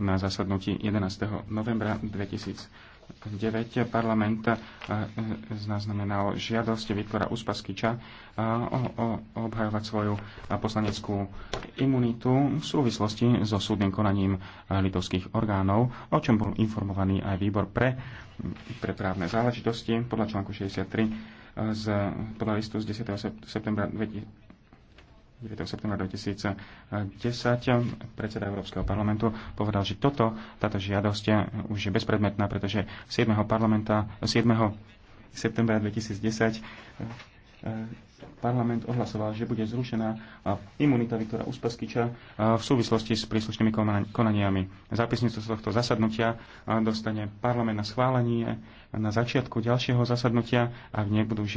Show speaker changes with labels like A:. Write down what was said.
A: na zasadnutí 11. novembra 2009 parlament eh, eh, znaznamenal žiadosť Viktora eh, o obhajovať svoju poslaneckú imunitu v súvislosti so súdnym konaním litovských orgánov, o čom bol informovaný aj výbor pre, pre právne záležitosti podľa článku 63 z, podľa listu z 10. septembra 2000 9. septembra 2010 predseda Európskeho parlamentu povedal, že toto, táto žiadosť už je bezpredmetná, pretože 7. Parlamenta, 7. septembra 2010 eh, parlament ohlasoval, že bude zrušená eh, imunita Viktora Uspaskyča eh, v súvislosti s príslušnými konaniami. Zápisnicu z tohto zasadnutia dostane parlament na schválenie na začiatku ďalšieho zasadnutia, a nej nebudú